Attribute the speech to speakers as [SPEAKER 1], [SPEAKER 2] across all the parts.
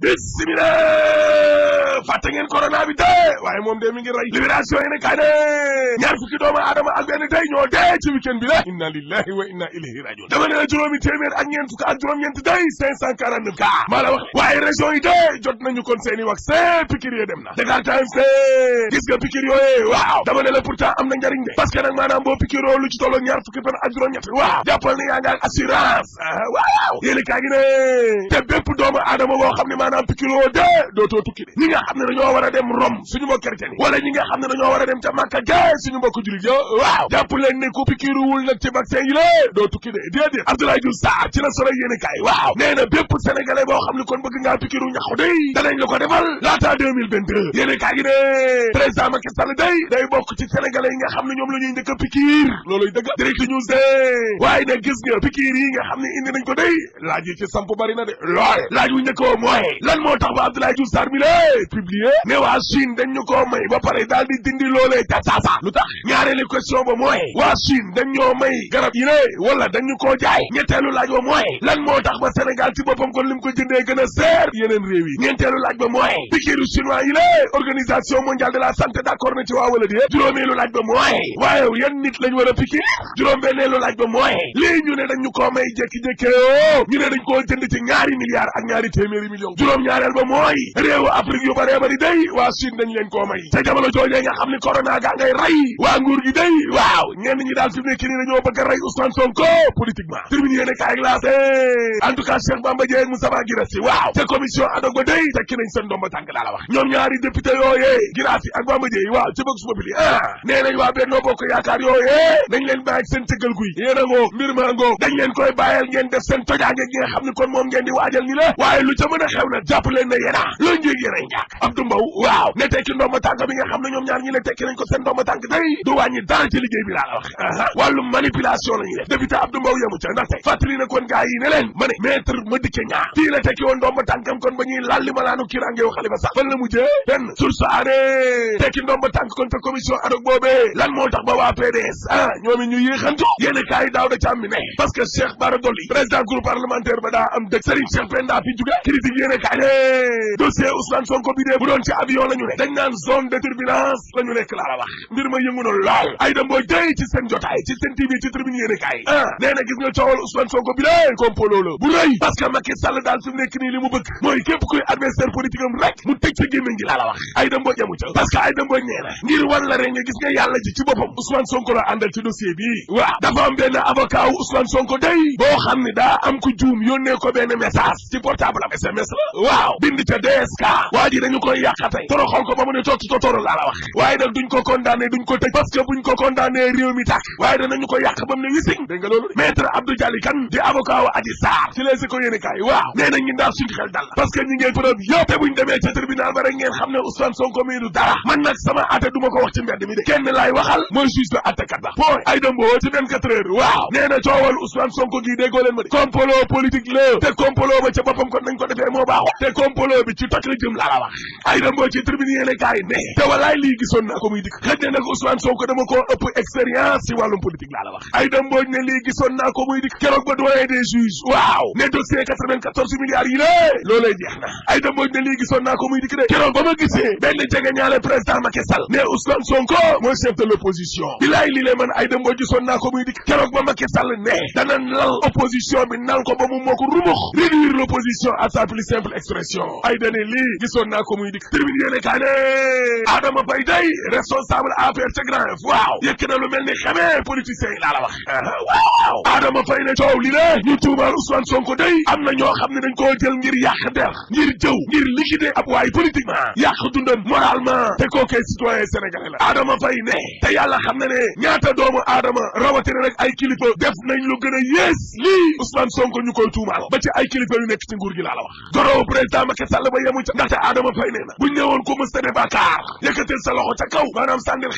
[SPEAKER 1] Bismillah! fàtte ngeen corona bi dee waaye moom de mi ngi rey libération yi ne kaay ne ñaar fukki doomu aadama ak benn tey ñoo dee ci week-end bi la inna lillahi wa inna ilayhi rajiun dama ne la juróomi téeméer ak ñeent fukk ak juróom-ñeent tey cinq cent quarante neuf cas maa la wax waaye région yi dee jot nañu kon seeni wax see pikir yee dem na Dakar Times gis nga pikir yooyee waaw dama ne la pourtant am na njariñ de parce que nag maanaam boo pikiroo lu ci tolloo ñaar fukki fan ak juróom-ñett waaw jàppal ne yaa ngi ak assurance ah, waaw yéeni kaa gi ne te bépp doomu aadama boo xam ne maanaam pikiroo dee dootoo tukki de ñi nga xam ne dañoo war a dem Rome suñu mbokk chrétien yi ne dañoo war a dem ca Màkka ga suñu mbokk julit yo waaw jàpp leen ne ku pikiiruwul nag ci vaccin yi lée doo na bépp boo xam ne kon bëgg ngaa pikiiru ñaxu day danañ la ko defal laata 2022 yéene kaay gi ne président Macky Sall day day bokk ci sénégalais yi xam ne ñoom la ñuy njëkk a pikiir looluy dëgg direct news de waaye nag gis nga pikiir yi nga xam ne indi nañ ko day laaj yi ci samp bari na de lool laaj wu njëkk mooy lan moo tax ba Abdoulaye Diouf Sarr mi lé publier ne waa Chine dañ ñu koo may ba pare daal di dindi loolee ca saasa lu tax ba mooy waa Chine dañ ñoo may garab yi lée wala dañu koo jaay ñetteelu laaj ba mooy lan moo tax ba Sénégal ci boppam kon li ko jëndee gën a seer yeneen réew yi ñeenteelu laaj ba mooy pikiru chinois yi lée organisation mondiale de la santé d'accord na ci waa wala déet juróomeelu laaj ba mooy waaye yan nit lañ war a pikir juróom-benneelu laaj ba mooy lii ñu ñu koo may jékki oh, koo jënd ci ñaari milliards ak ñaari téeméeri millions juróom-ñaareel bare bari day waa Chine dañ leen koo may ca jamono joojee nga xam ni corona gaa ngay rey waa nguur gi day waaw ñenn ñi daal fi mu nekk nii dañoo bëgg a rey Ousmane Sonko politiquement tribune yéene kaay glace en tout cas Cheikh Bamba Dièye ak Moustapha Guirassy waaw ca commission adog ba day tekki nañ seen ndomba tànk laa la wax ñoom ñaari député yooyee Guirassy ak Bamba waaw ci Vox Populi ah nee nañ waa Benno Bokk Yaakaar yooyee nañ leen bàyyi seen cëggal Abdou Mbow waaw ne tekki ndomba tànk bi nga xam ne ñoom ñaar ñi ne tekki nañ ko seen day du wàññi dara ci liggéey bi la wax aa wàllu manipulation la ñuy def député Abdou Mbow yemu ca ndaxte fàttali na kon gaa ne leen ma ne ma dikke ñaar fii la tekki woon ndomba tànkam kon ba ñuy lalli malaanu kirangeewu xalifa sax fan la mujjee benn source aane tekki ndomba tànk kon te commission ad hoc lan moo tax ba waa PDS ah ñoom it ñu yi daaw da càmmi ne gisee bu doon ci avion la ñu ne dañ naan zone de turbulence la ñu nekk laa la wax mbir ma yëngu na lool ay dem boo jëy ci seen jotaay ci seen TV ci tribune yéene kaay ah nee gis nga coowal Sonko bi lée kompoloo la bu rëy parce que Macky Sall daal fi nekk nii li mu bëgg mooy képp kuy adversaire politique am rek mu tëj sa gémmiñ gi wax ay dem boo jamu ca parce ay dem boo nee ngir wan la gis nga yàlla ji ci boppam Ousmane Sonko la àndal ci dossier bi waaw dafa am benn avocat wu Sonko day boo xam koy yàqatey toroxal ko ba mu ne toot totoro laa la wax waaye nag duñ ko condamné duñ ko tëj parce que buñ ko condamné réew mi tàkk waaye danañu ko yàq ba mu ne wisiŋ dégg loolu maître Abdou Dialy Kane di avocat wa Adji Sarr ci leesi ko yéene waaw nee na ñi suñ xel dal parce que ñi ngeen preuve yëpp te buñ demee ca tribunal ba rek ngeen xam ne Ousmane Sonko mii du dara man nag sama atte duma ko wax ci mbedd mi de kenn laay waxal mooy juge moo ay damboo ci tribune yéene kaay ne te walaay lii gisoon naa ko muy dikk xëj na nag Ousmane Sonko dama koo ëpp expérience ci wàllum politique laa la wax ay damboo ne lii gisoon naa ko muy dikk keroog ba doyen des juges waaw ne dossier 94 milliards yi lé loolee jeex na ay damboo ne lii gisoon naa ko muy dikk de ba ma gisee benn ne Ousmane Sonko mooy chef de l'opposition bilaay lii lée ko muy dikk keroog bi nal ko ba mu moo rumux réduire l'opposition muy dikk termine yéene kaa ne Adama Faye day responsable APR ca waaw yëkk na mel ni xamee politiciens yi laa la waaw waaw Adama Faye ne coow li de ñu tuumaal Ousmane Sonko day am na ñoo xam ne dañ koo jël ngir yàq der ngir jëw ngir liquider ab waay politiquement yàq dundam moralement te kookee citoyen sénégalais la Adama Faye ne te yàlla xam na ne ñaata doomu Adama rawatina nag ay kilifa def nañ lu gën a yées lii Ousmane Sonko ñu koy tuumaal ba ci ay kilifa yu nekk ci nguur gi laa la wax gorowu président Macky Sall ba yemu ca ndaxte Adama Faye nee na buñ ñëwoon ko mës ta ne bàkkaar sa loxo ca kaw maanaam sàndil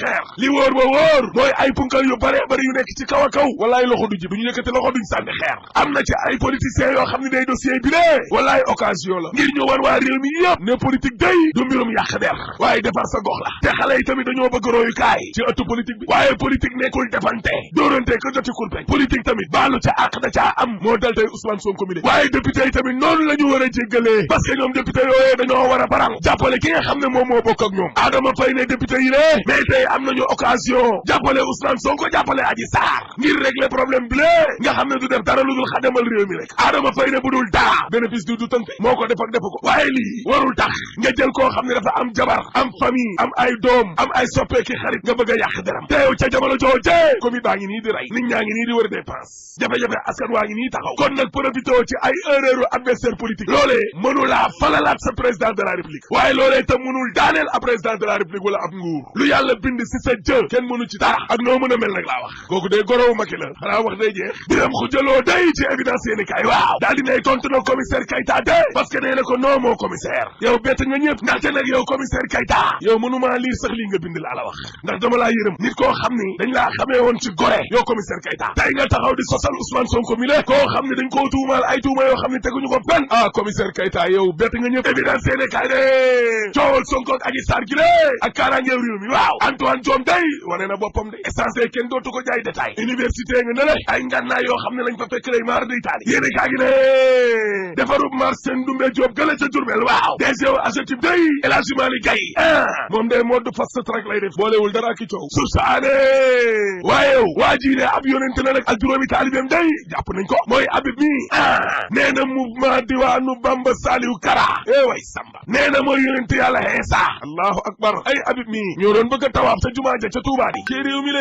[SPEAKER 1] yu nekk ci kaw a kaw walaay làmb ji bu ñu yëkkati loxo duñ sànni xeer am na ci ay politiciens yoo xam ne day dossier bi lée walaay occasion la ngir ñu wan waa réew mi yëpp ne politique day du mbirum yàq der waaye defar sa gox la te xale yi tamit dañoo bëgg royukaay ci ëttu politique bi waaye politique nekkul defante dóorante ko joti kurpeñ politique tamit baalu ca àq da caa am moo dal tey Ousmane Sonko mi ne waaye député yi tamit noonu la war a jéggalee parce que ñoom député yooyee dañoo war a PM bi nga xam ne du def a lu dul xajamal réew mi rek Adama Faye ne bu dul dara bénéfice du du tënk moo ko def ak def ko warul tax nga jël koo xam ne dafa am jabar am famille am ay doom am ay soppeeki xarit nga bëgg a deram te ca jamono jooje commune baa ngi nii di rey nit ñaa ngi nii di war a dépense jafe-jafe askan waa ngi nii taxaw kon nag profité ci ay erreur adversaire politique loolee mënulaa la république waaye loolee te mënul la république wala ab a wax day jeex biram xujaloo day ci évidence yéeni kaay waaw daal dinay tontu na commissaire Kayta de parce que nee na ko non moo commissaire yow bett nga ñëpp ndaxte nag yow commissaire Kayta yow mënumaa lii sax lii nga bind laa wax ndax dama laa yërëm nit koo xam ni dañ laa xamee woon ci gore yow commissaire Kayta tey nga taxaw di sosal Ousmane Sonko mi le koo xam ne dañ koo tuumaal ay tuuma yoo xam ne teguñu ko fenn ah commissaire Kayta yow bett nga ñëpp évidence yéeni kaay de coowal Sonko ak gi lé ak kaaraangeew réew na boppam de ay ngànnaay yoo xam ne lañ fa fekk lay maar day taali yéen kaa gi ne defarub marsen dumbe joob gële ca Jurbel waaw DG wu AGETIP day El Hadji Malick Gaye ah moom day mode fast track lay def boolewul dara ki coow su saane waayew waa ji ne ab yonente la nag ak juróomi taalibeem day jàpp nañ ko mooy abib mi ah nee na mouvement diwaanu Bamba Saliou Kara eh way Samba nee na mooy yonente yàlla Iisaa allahu akbar ay abib mi ñoo doon bëgg a tawaaf ca jumaa ja ca Tuubaa réew mi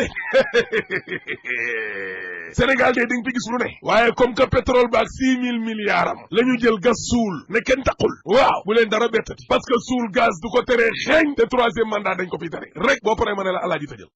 [SPEAKER 1] Sénégal de di nga fi gis lu ne waaye comme que pétrole baak six mille milliards am la ñu jël gas suul ne kenn taqul waaw bu leen dara bettati parce que suul gaz du ko teree xeeñ te troisième mandat dañ ko fiy tere rek boo paree ma ne la alaaji tëjal